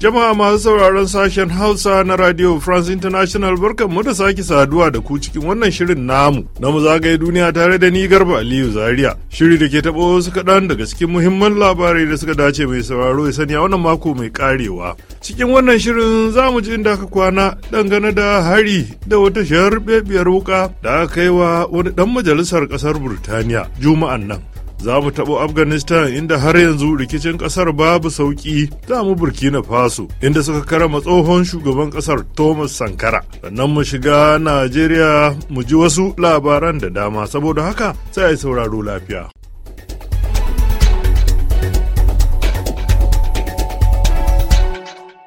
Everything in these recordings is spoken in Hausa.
Jama'a masu sauraron sashen Hausa na Radio France International barkanmu da sake saduwa da ku cikin wannan shirin namu na mu zagaye duniya tare da ni Garba Aliyu Zaria. Shiri da ke taɓo wasu kaɗan daga cikin muhimman labarai da suka dace mai sauraro ya sani a wannan mako mai ƙarewa. Cikin wannan shirin za mu ji inda aka kwana dangane da hari da wata shahar bebiyar wuka da aka kai wa wani dan majalisar ƙasar Burtaniya Juma'an nan. za mu taɓo afghanistan inda har yanzu rikicin ƙasar babu sauƙi za mu burkina faso inda suka karama tsohon shugaban ƙasar thomas sankara sannan mu shiga najeriya mu ji wasu labaran da dama saboda haka sai a yi sauraro lafiya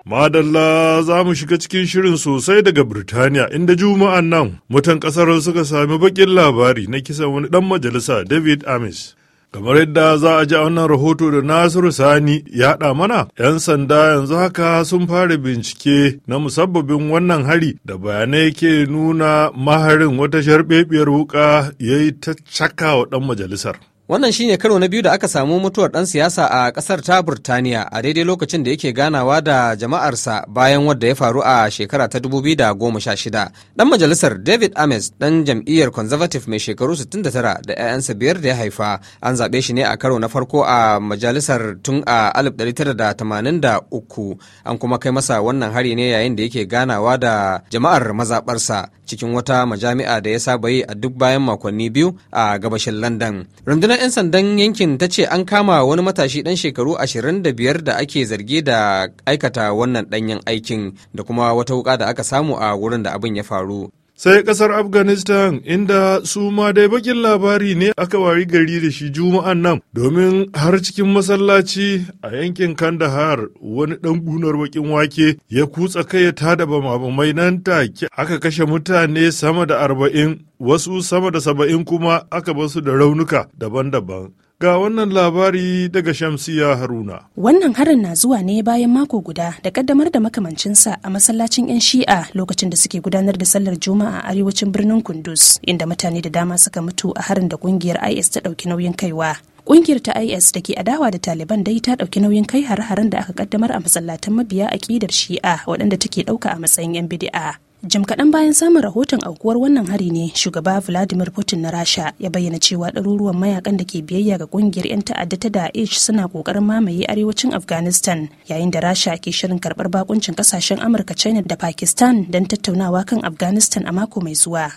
Madalla za mu shiga cikin shirin sosai daga Birtaniya inda juma'an nan mutan kasar suka sami bakin labari na kisan wani dan majalisa David Amis. Kamar yadda za a ji a wannan rahoto da Nasiru Sani ya haɗa mana, 'yan sanda yanzu haka sun fara bincike na musabbabin wannan hari da bayanai ke nuna maharin wata sharbebiyar wuka ya yi ta caka wa ɗan majalisar. Wannan shine karo na biyu da aka samu mutuwar ɗan siyasa a ƙasar ta Burtaniya a daidai lokacin da yake ganawa da jama'arsa bayan wadda ya faru a shekara ta 2016. Ɗan majalisar David Ames ɗan jam'iyyar Conservative mai shekaru 69 da 'ya'yansa biyar da ya haifa an zaɓe shi ne a karo na farko a majalisar tun a 1983 an kuma kai masa wannan hari ne yayin da yake ganawa da jama'ar mazaɓarsa. cikin wata majami'a da ya saba yi a duk bayan makonni biyu a gabashin london rundunar 'yan sandan yankin ta ce an kama wani matashi dan shekaru 25 da ake zargi da aikata wannan danyen aikin da kuma wata wuka da aka samu a wurin da abin ya faru sai kasar afghanistan inda su ma dai bakin labari ne aka wari gari da shi juma'an nan domin har cikin masallaci a yankin kandahar wani dan gunar bakin wake ya kutsa kai ya tada bamabamai nan take aka kashe mutane sama da arba'in wasu sama da saba'in kuma aka basu da raunuka daban-daban Ga wannan labari daga Shamsiya Haruna. Wannan harin na zuwa ne bayan mako guda da kaddamar da makamancinsa a masallacin 'yan shi'a lokacin da suke gudanar da sallar juma'a a arewacin birnin Kunduz, inda mutane da dama suka mutu a harin da kungiyar IS ta ɗauki nauyin kaiwa. Ƙungiyar ta IS da ke adawa da Taliban dai ta ɗauki nauyin kai har haren da aka kaddamar a masallatan mabiya aƙidar Shi'a waɗanda take ɗauka a matsayin 'yan bidi'a. jim kaɗan bayan samun rahoton aukuwar wannan hari ne shugaba vladimir putin na rasha ya bayyana cewa ɗaruruwan mayakan da ke biyayya ga ƙungiyar 'yan ta'adda ta daesh suna ƙoƙarin mamaye arewacin afghanistan yayin da rasha ke shirin karɓar bakuncin ƙasashen amurka china da pakistan don tattaunawa kan afghanistan a mako mai zuwa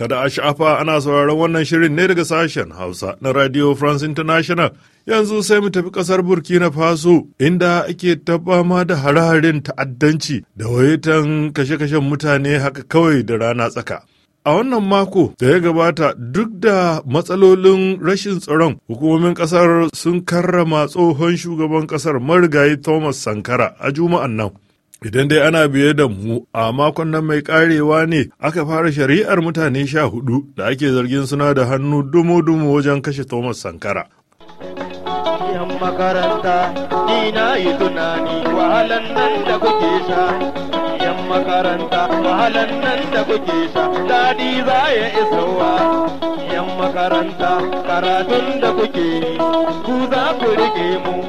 Kada a sha'afa ana sauraron wannan shirin ne daga sashen Hausa na Radio France International. Yanzu sai mu tafi kasar Burkina Faso inda ake tabbama da hare-haren ta'addanci da wayetan kashe-kashen mutane haka kawai da rana tsaka. A wannan mako da ya gabata duk da matsalolin rashin tsaron hukumomin kasar sun karrama tsohon shugaban kasar marigayi Thomas Sankara a juma'an nan. Idan dai ana biye da mu a makon nan mai karewa ne aka fara shari'ar mutane sha hudu da ake zargin suna da hannu dumo-dumo wajen kashe Thomas Sankara. Yan makaranta, ni na yi tunani wahalan nan da kuke sha. Yan makaranta, wahalan nan da kuke sha, daɗi za ya isowa. Yan makaranta, karatun da kuke yi, ku za ku rike mu.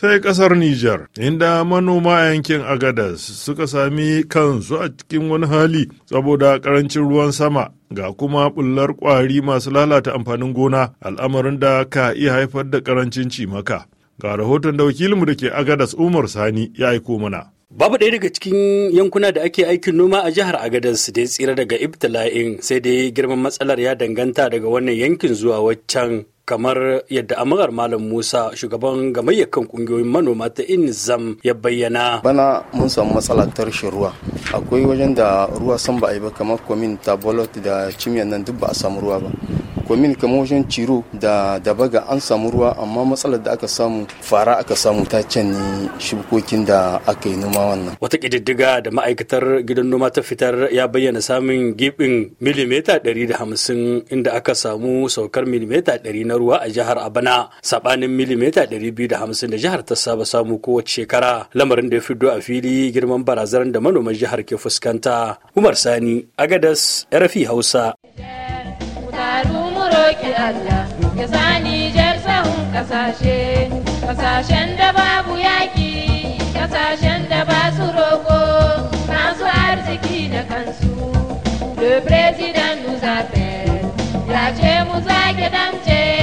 sai kasar Nijar, inda manoma yankin Agadas suka sami kansu a cikin wani hali saboda karancin ruwan sama ga kuma bullar ƙwari masu lalata amfanin gona al'amarin da ka iya haifar da ƙarancin cimaka. Ga rahoton da wakilinmu da ke Agadas Umar Sani ya aiko mana. Babu ɗaya daga cikin yankuna da ake aikin noma a jihar Agadez da ya tsira daga ibtila'in sai dai girman matsalar ya danganta daga wannan yankin zuwa waccan kamar yadda amagar malam musa shugaban gamayyar kan kungiyoyin manoma ta inzam ya bayyana bana mun samu matsala ta ruwa akwai wajen da ruwa san ba a yi ba kamar kwamin tabolot da cimiyan nan duk ba a samu ruwa ba komin kamar wajen ciro da dabaga an samu ruwa amma matsalar da aka samu fara aka samu ta can ne shukokin da aka yi noma wannan wata kididdiga da ma'aikatar gidan noma ta fitar ya bayyana samun gibin milimeta hamsin inda aka samu saukar milimeta ɗari na ruwa a jihar abana sabanin milimeta biyu da jihar ta saba samu kowace shekara lamarin da ya fiddo a fili girman barazanar da manoman jihar ke fuskanta umar sani agadas rfi hausa roƙi Allah ya sa Nijar sahun kasashe kasashen da babu yaƙi kasashen da ba su roƙo masu arziki da kansu le president nous appelle ya ce mu zage damce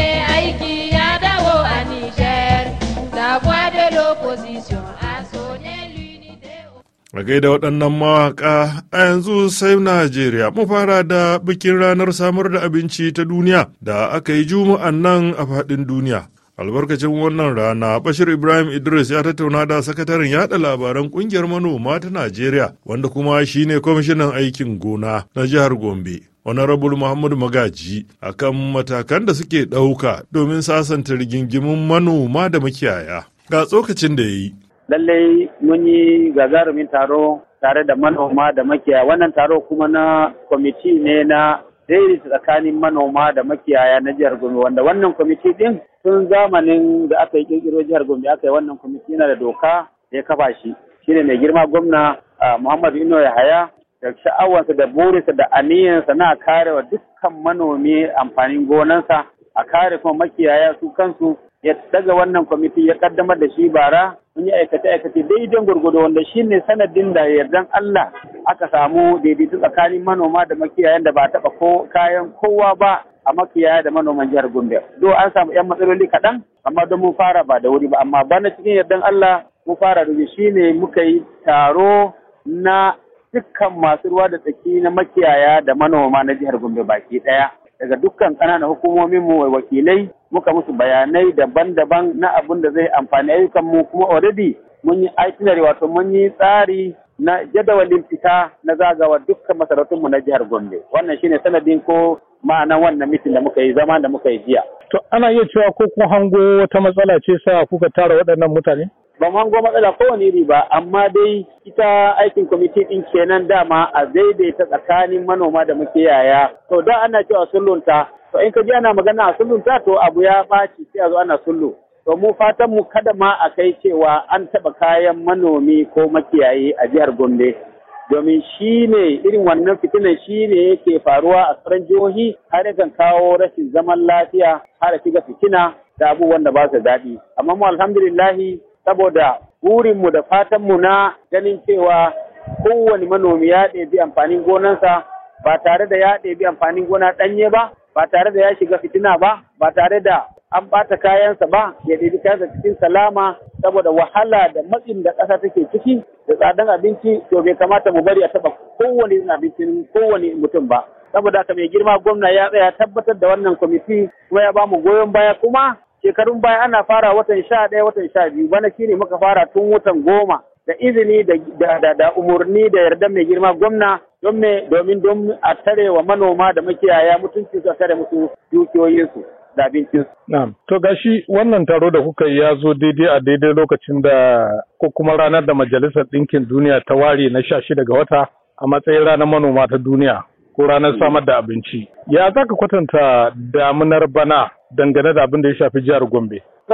A gaida waɗannan mawaƙa a yanzu sai Najeriya mu fara da bikin ranar samar da abinci ta duniya da aka yi juma'a nan a faɗin duniya. Albarkacin wannan rana Bashir Ibrahim Idris ya tattauna da sakataren yada labaran ƙungiyar manoma ta Najeriya wanda kuma shine kwamishinan aikin gona na jihar Gombe. Honorable Muhammad Magaji akan matakan da suke ɗauka domin sasanta rigingimin manoma da makiyaya. Ga tsokacin da ya yi. lallai mun yi gagarumin taro tare da manoma da makiya wannan taro kuma na kwamiti ne na daidai tsakanin manoma da makiyaya na jihar Gombe wanda wannan kwamiti din tun zamanin da aka yi kirkiro jihar Gombe aka yi wannan kwamiti yana da doka da ya kafa shi shine mai girma gwamna Muhammadu Ino Yahaya da sha'awarsa da burinsa da aniyansa na kare wa dukkan manomi amfanin gonansa a kare kuma makiyaya su kansu ya daga wannan kwamiti ya kaddamar da shi bara sun yi aikace aikace daidai gwargwado wanda shine sanadin da yardan Allah aka samu daidaitu tsakanin manoma da makiyayan da ba taɓa ko kayan kowa ba a makiyaya da manoman jihar Gombe. Do an samu 'yan matsaloli kaɗan amma don mun fara ba da wuri ba amma bana cikin yardan Allah mun fara da shine muka yi taro na dukkan masu ruwa da tsaki na makiyaya da manoma na jihar Gombe baki ɗaya. daga dukkan ƙananan hukumomin mu wakilai muka musu bayanai daban-daban na abin da zai amfani ayyukan mu kuma already mun yi itinerary wato mun yi tsari na jadawalin fita na zagawa dukkan masarautun mu na jihar Gombe wannan shine sanadin ko ma'anan wannan mitin da muka yi zama da muka yi jiya to ana iya cewa ko kun hango wata matsala ce sa kuka tara waɗannan mutane ban hango matsala kowane iri ba amma dai ita aikin kwamiti din kenan dama a daidaita tsakanin manoma da makiyaya to da ana cewa sullunta to in ka ji ana magana a sullunta to abu ya ɓaci sai a zo ana sullu to mu fatan mu kada ma a kai cewa an taɓa kayan manomi ko makiyayi a jihar Gombe domin shi ne irin wannan fitinan shi ne yake faruwa a tsaron jihohi har yakan kawo rashin zaman lafiya har shiga fitina da abubuwan da ba su daɗi amma mu alhamdulillahi saboda burinmu da fatanmu na ganin cewa kowane manomi ya ɗebi amfanin gonansa ba tare da ya ɗebi amfanin gona ɗanye ba ba tare da ya shiga fitina ba ba tare da an ɓata kayansa ba ya ɗebi kayansa cikin salama saboda wahala da matsin da ƙasa take ciki da tsadan abinci to bai kamata mu bari a taɓa kowane abincin kowane mutum ba saboda haka mai girma gwamna ya tsaya tabbatar da wannan kwamiti kuma ya bamu goyon baya kuma shekarun baya ana fara watan sha ɗaya watan sha biyu bana shine muka fara tun watan goma da izini da umarni da yarda mai girma gwamna don me domin don a tare wa manoma da makiyaya mutunci su a tare musu dukiyoyinsu da abincinsu. Na'am. To gashi wannan taro da kuka yi ya zo daidai a daidai lokacin da ko kuma ranar da Majalisar Ɗinkin Duniya ta ware na sha shida ga wata a matsayin ranar manoma ta duniya. ko ranar mm. samar da abinci. Ya za ka kwatanta damunar bana dangane da abin da ya shafi jihar Gombe? To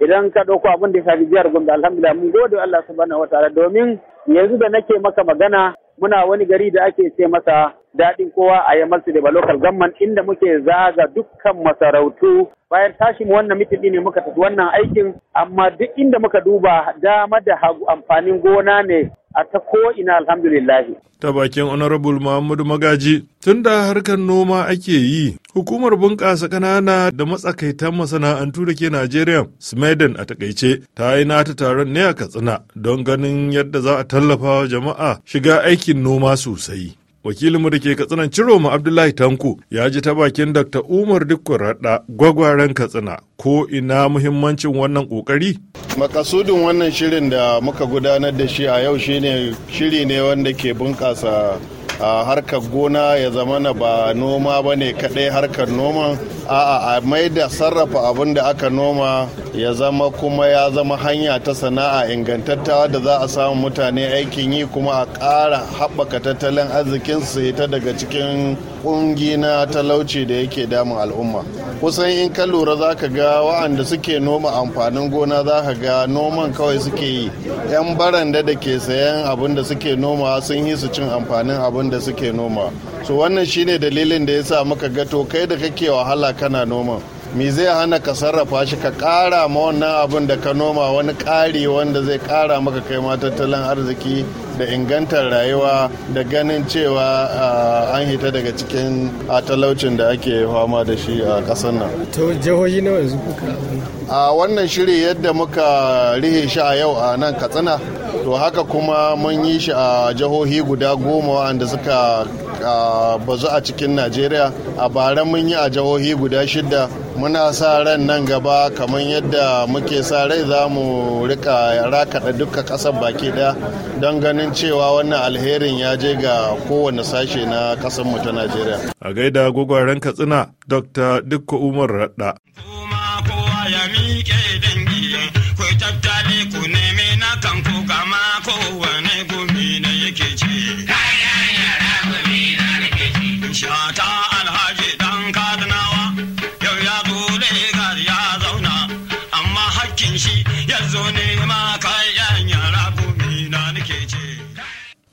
idan ka ɗauko abin da ya shafi jihar Gombe alhamdulillah mun gode Allah subhanahu wa ta'ala domin yanzu da nake maka magana muna wani gari da ake ce masa daɗin kowa a yi su da local government inda muke zaga dukkan masarautu bayan tashi mu wannan mitin ne muka tafi wannan aikin amma duk inda muka duba dama da hagu amfanin gona ne a ta ko ina alhamdulillah. Ta bakin Honorable Muhammadu Magaji, tun da harkar noma ake yi, hukumar bunƙasa ƙanana da matsakaitan masana'antu da ke Najeriya, Smeden a takaice, ta yi nata taron ne a Katsina don ganin yadda za a tallafa jama'a shiga aikin noma sosai. wakilinmu da ke katsinan ciroma abdullahi tanko ya ji ta bakin dr umar dukkan raɗa gwagwaren katsina ko ina muhimmancin wannan kokari makasudin wannan shirin da muka gudanar da shi a yau shine shiri ne wanda ke bunƙasa harkar gona ya zama na ba noma ba ne kaɗai harkar noman a'a a mai da sarrafa abin da aka noma ya zama kuma ya zama hanya ta sana'a ingantattawa da za a samu mutane aikin yi kuma a ƙara haɓaka tattalin arzikin su ta daga cikin ƙungi na talauci da yake damun al'umma kusan in ka lura za ka ga wa'anda suke noma amfanin gona za ka ga noman kawai suke yi 'yan baranda da ke sayan abin da suke noma sun yi su cin amfanin abin da suke noma so wannan shine dalilin da ya sa muka ga to kai da kake wahala kana noma me zai hana ka sarrafa shi ka kara ma wannan abin da ka noma wani kari wanda zai kara maka kai ma tattalin arziki da ingantar rayuwa da ganin cewa ah, an hita daga cikin ah, talaucin da ake fama da shi a ƙasar nan. To jihohi nawa yanzu kuka? A wannan shiri yadda muka rihe shi a yau a nan Katsina to haka kuma mun yi shi a jihohi guda goma wanda suka bazu a cikin najeriya a bara mun yi a jihohi guda shida muna sa ran nan gaba kamar yadda muke sa rai za mu rika rakaɗa duka ƙasar baki ɗaya don ganin cewa wannan alherin ya je ga kowane sashe na mu ta najeriya a gaida gwagwaren katsina dr dukko umar raɗa.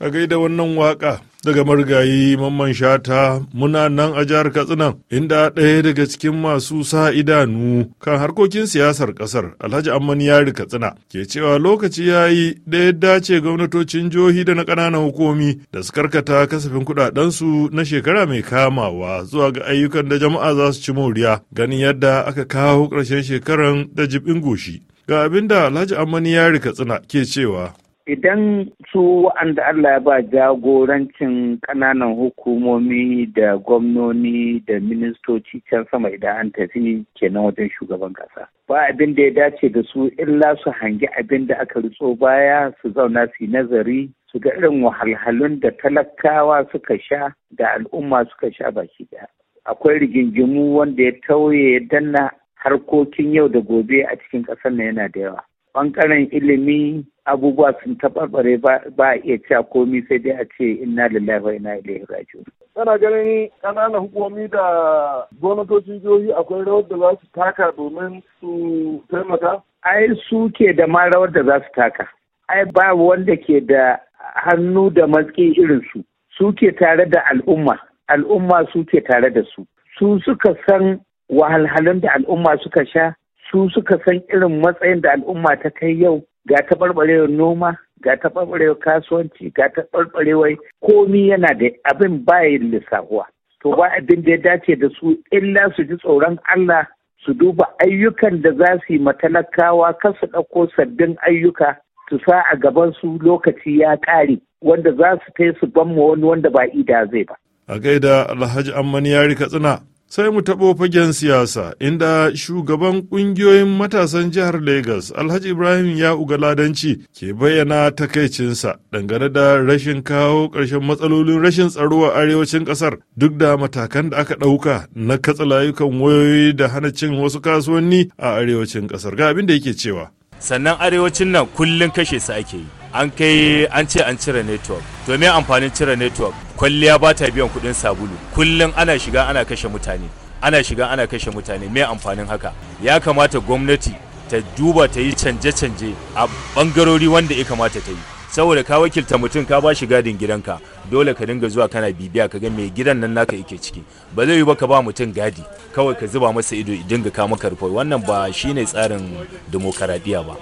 a gaida wannan waƙa daga marigayi mamman shata muna nan a jihar katsina inda ɗaya daga cikin masu sa idanu kan harkokin siyasar ƙasar alhaji amman yari katsina ke cewa lokaci ya yi da ya dace gwamnatocin jihohi da na ƙananan hukumi da su karkata kasafin kuɗaɗensu na shekara mai kamawa zuwa ga ayyukan da jama'a za su ci moriya ganin yadda aka kawo ƙarshen shekaran da jibin goshi ga abin da alhaji amman yari katsina ke cewa idan su wa'anda Allah ya ba jagorancin ƙananan hukumomi da gwamnoni da ministoci can sama idan an tafi kenan wajen shugaban ƙasa. Ba abin da ya dace da su illa su hangi abin da aka ritso baya su zauna su nazari su ga irin wahalhalun da talakawa suka sha da al'umma suka sha baki ɗaya. Akwai rigingimu wanda ya tauye danna harkokin yau da gobe a cikin ƙasar na yana da yawa. Ɓangaren ilimi abubuwa sun taɓarɓare ba a iya cewa komi sai dai a ce inna lillahi wa inna ilaihi raji'un. Kana ganin ƙananan hukumomi da gwamnatocin jihohi akwai rawar da za su taka domin su taimaka? Ai su da ma rawar da za su taka. Ai ba wanda ke da hannu da matsi irin su. Su tare da al'umma. Al'umma suke tare da su. Su suka san wahalhalun da al'umma suka sha. Su suka san irin matsayin da al'umma ta kai yau. ga taɓarɓarewar noma ga taɓarɓarewar kasuwanci ga taɓarɓarewar komi yana da abin bayan lissafuwa to ba abin da ya dace da su illa su ji tsoron Allah su duba ayyukan da za su yi matalakawa kan su ɗauko sabbin ayyuka su sa a gaban su lokaci ya ƙare wanda za su kai su ban wani wanda ba ida zai ba. A gaida Alhaji Amman Katsina. sai mu taɓo fagen siyasa inda shugaban ƙungiyoyin matasan jihar Legas Alhaji Ibrahim ya uga ladanci ke bayyana takaicinsa dangane da rashin kawo ƙarshen matsalolin rashin tsaro a arewacin ƙasar duk da matakan da aka ɗauka na katsa layukan wayoyi da hana cin wasu kasuwanni a arewacin ƙasar ga abin da yake cewa. Sannan arewacin nan kullum kashe su ake yi. An kai an ce an cire network. To me amfanin cire network? kwalliya ba ta biyan kuɗin sabulu kullum ana shiga ana kashe mutane ana shiga ana kashe mutane mai amfanin haka ya kamata gwamnati ta duba ta yi canje-canje a bangarori wanda ya kamata ta yi saboda ka wakilta mutum ka ba shi gadin gidanka dole ka dinga zuwa kana bibiya ka ga mai gidan nan naka yake ciki ba zai yi ba ka ba mutum gadi kawai ka zuba masa ido dinga ka maka rufai wannan ba shine tsarin demokaradiyya ba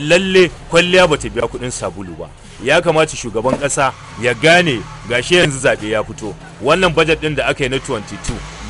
lalle kwalliya ba ta biya kuɗin sabulu ba ya kamata shugaban kasa ya gane gashi yanzu zaɓe ya fito wannan bajet ɗin da aka yi na 22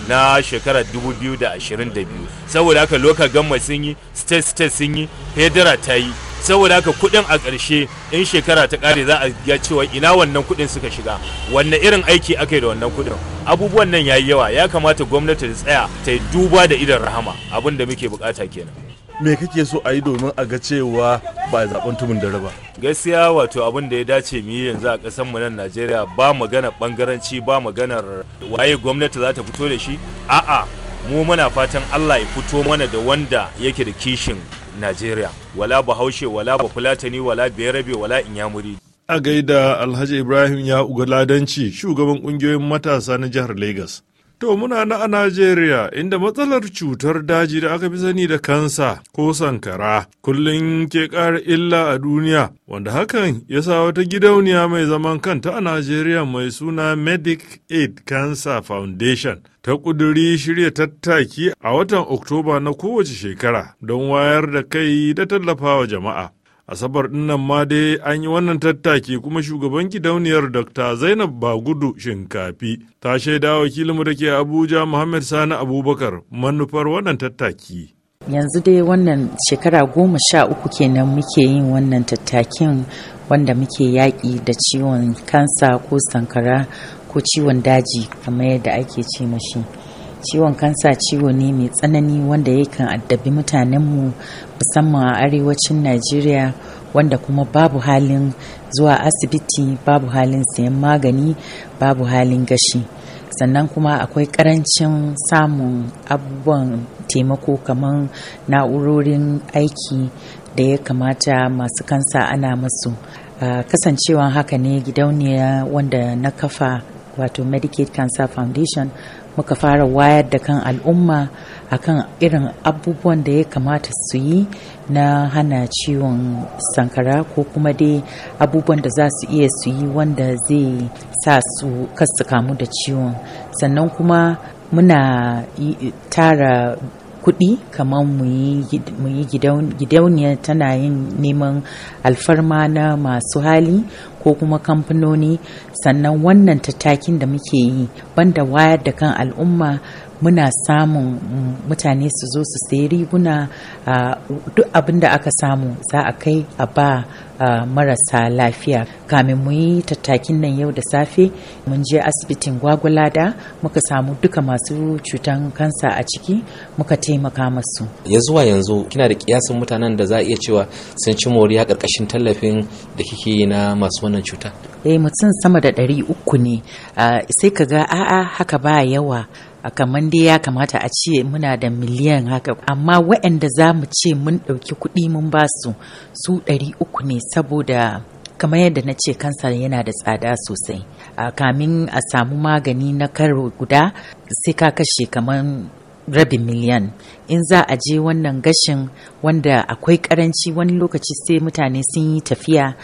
na shekarar 2022 saboda haka local gamma sun yi state state sun yi federa ta yi saboda haka kuɗin a ƙarshe in shekara ta ƙare za a ga cewa ina wannan kuɗin suka shiga wanne irin aiki aka yi da wannan kuɗin abubuwan nan ya yi yawa ya kamata gwamnati ta tsaya ta yi duba da idan rahama abin da muke bukata kenan me kake so a yi domin a ga cewa ba a zaben tumin dare ba gaskiya wato abin da ya dace mu yanzu a ƙasar mu nan Najeriya ba magana bangaranci ba maganar waye gwamnati za ta fito da shi a'a mu muna fatan Allah ya fito mana da wanda yake da kishin Najeriya wala Bahaushe wala Bafulatani wala Berabe wala Inyamuri a gaida Alhaji Ibrahim ya uga ladanci shugaban kungiyoyin matasa na jihar Lagos To muna na a Najeriya inda matsalar cutar daji da aka fi sani da kansa ko sankara kullum ke ƙara illa a duniya wanda hakan ya sa wata gidauniya mai zaman kanta a Najeriya mai suna Medic Aid Cancer Foundation ta ƙuduri shirya tattaki a watan Oktoba na kowace shekara don wayar da kai da tallafawa jama'a. asabar dinnan ma dai an yi wannan tattaki kuma shugaban gidauniyar dr zainab bagudu shinkafi ta shaida wakilinmu da ke abuja muhammad sani abubakar manufar wannan tattaki yanzu dai wannan shekara goma sha uku kenan muke yin wannan tattakin wanda muke yaƙi da ciwon kansa ko sankara ko ciwon daji kamar yadda ake ce mashi ciwon kansa ciwo ne mai tsanani wanda yakan addabi mutanenmu musamman a arewacin najeriya wanda kuma babu halin zuwa asibiti babu halin sayan magani babu halin gashi sannan kuma akwai karancin samun abubuwan taimako kamar na'urorin aiki da ya kamata masu kansa ana masu kasancewa kasancewan haka ne gidauniya wanda na kafa wato medicaid cancer foundation muka fara wayar da kan al'umma akan irin abubuwan da ya kamata su yi na hana ciwon sankara ko kuma dai abubuwan da za su iya su yi wanda zai sa su kasu kamu da ciwon sannan kuma muna tara kuɗi kamar mu yi gidauniya tana yin neman alfarma na masu hali ko kuma kamfanoni sannan wannan tattakin da muke yi banda wayar da kan al'umma muna samun mutane su zo su sayi riguna duk abin da aka samu za a kai a ba marasa lafiya kamin mu yi tattakin nan yau da safe mun je asibitin gwagwalada muka samu duka masu cutan kansa a ciki muka taimaka masu ya zuwa yanzu kina da kiyasin mutanen da za a iya cewa sun ci moriya karkashin tallafin da kike yi na masu wannan cuta eh mutum sama da ɗari uku ne sai ka ga a'a haka ba yawa kamar dai ya kamata a ce muna da miliyan haka amma waɗanda za mu ce mun ɗauki kuɗi mun ba su su ɗari uku ne saboda kamar yadda na ce kansar yana da tsada sosai kamin a samu magani na karo guda sai ka kashe kamar rabin miliyan in za a je wannan gashin wanda akwai karanci wani lokaci sai mutane sun yi tafiya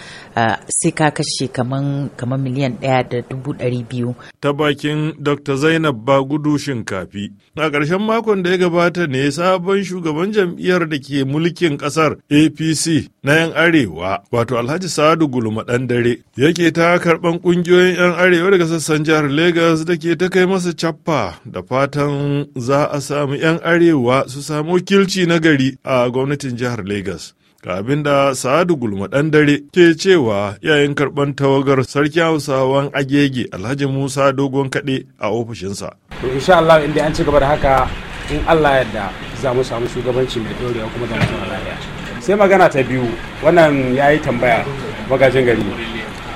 sai ka kashe kamar miliyan ɗaya da dubu ɗari biyu. Ta bakin Dr. Zainab Bagudu Shinkafi. A ƙarshen makon da ya gabata ne sabon shugaban jam'iyyar da ke mulkin ƙasar APC na 'yan Arewa, wato Alhaji Sadu Gulma ɗan dare, yake ta karɓan ƙungiyoyin 'yan Arewa daga sassan jihar Legas da ke ta kai masa cappa da fatan za a samu 'yan Arewa su samu wakilci na gari a gwamnatin jihar Legas. Ga abin da Sa'adu Gulma ɗan dare ke cewa yayin karɓar tawagar sarki Hausawan Agege Alhaji Musa Dogon Kaɗe a ofishinsa. To insha Allah inda an ci gaba da haka in Allah yadda za mu samu shugabanci mai ɗorewa kuma da mu lafiya. Sai magana ta biyu wannan ya yi tambaya magajin gari.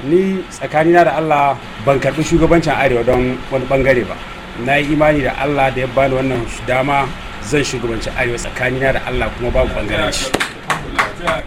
Ni tsakanina da Allah ban karɓi shugabancin Arewa don wani ɓangare ba. Na yi imani da Allah da ya bani wannan dama zan shugabanci arewa kanina da allah kuma babu bangaranci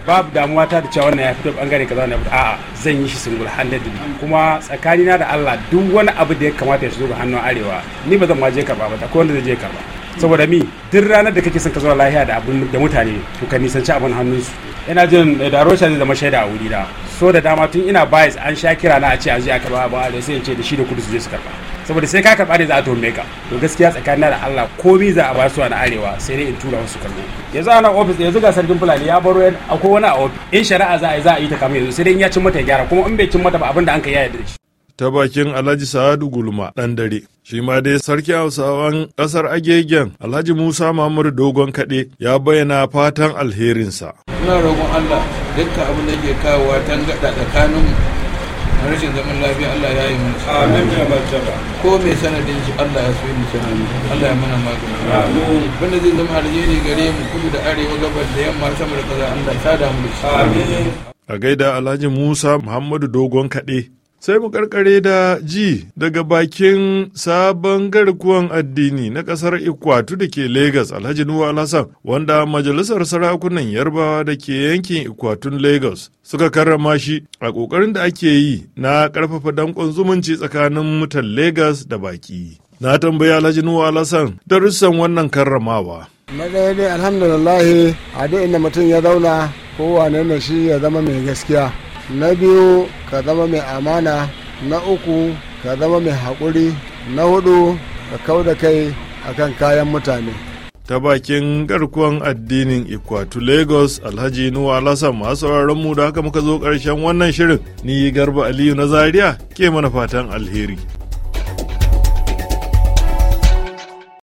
babu damuwa ta da cewa wannan ya fito bangare kaza wannan a zan yi shi single handed kuma tsakani na da Allah duk wani abu da ya kamata ya shigo ga hannun arewa ni ba zan ma je karba ba ta ko wanda zai je karba saboda mi duk ranar da kake son ka zo lafiya da abun da mutane to ka nisanci abun hannunsu ina jin eh, da rosa zai zama shaida a wuri da so da dama tun ina bias an sha kira na a ce a je a ba da sai in ce da shi da kudu su je su karba saboda sai ka karba ne za a tuhume ka to gaskiya tsakanin da Allah ko za a ba su na arewa sai dai in tura wasu kallo yanzu ana ofis yanzu ga sarkin fulani ya baro akwai wani a ofis in shari'a za a yi za a yi ta kamar yanzu sai dai in ya cin mata gyara kuma in bai cin mata ba abin da an ka yaya da shi ta bakin Alhaji Sa'adu Gulma dan dare Shi ma dai sarki Hausawan ƙasar Agegen Alhaji Musa Muhammadu Dogon Kaɗe ya bayyana fatan alherinsa. Ina roƙon Allah dukkan abin da ke kawowa tangaɗa tsakanin rashin zaman lafiya Allah ya yi mana. Amin ya martaba. Ko mai sanadin shi Allah ya suyi mutum. amin. Allah ya mana magani. Amin. Wanda zai zama alheri gare mu kudu da arewa gabas da yamma sama da kaza Allah ya damu da shi. Amin. A gaida Alhaji Musa Muhammadu Dogon Kaɗe sai mu karkare da ji daga bakin sabon garkuwan addini na kasar ikwatu da ke lagos alhaji nuwa alhassan wanda majalisar sarakunan yarbawa da ke yankin ikwatun lagos suka karrama shi a kokarin da ake yi na karfafa dankon zumunci tsakanin mutan lagos da baki na tambaya alhaji nuwa alhassan darussan wannan karramawa na ɗaya dai alhamdulillah a inda mutum ya zauna kowane na shi ya zama mai gaskiya na biyu ka zama mai amana na uku ka zama mai haƙuri na hudu ka kau da kai akan kayan mutane ta bakin garkuwan addinin ikwatu lagos alhaji nuwa lasa masu mu da haka muka zo ƙarshen wannan shirin ni garba aliyu na zaria ke mana fatan alheri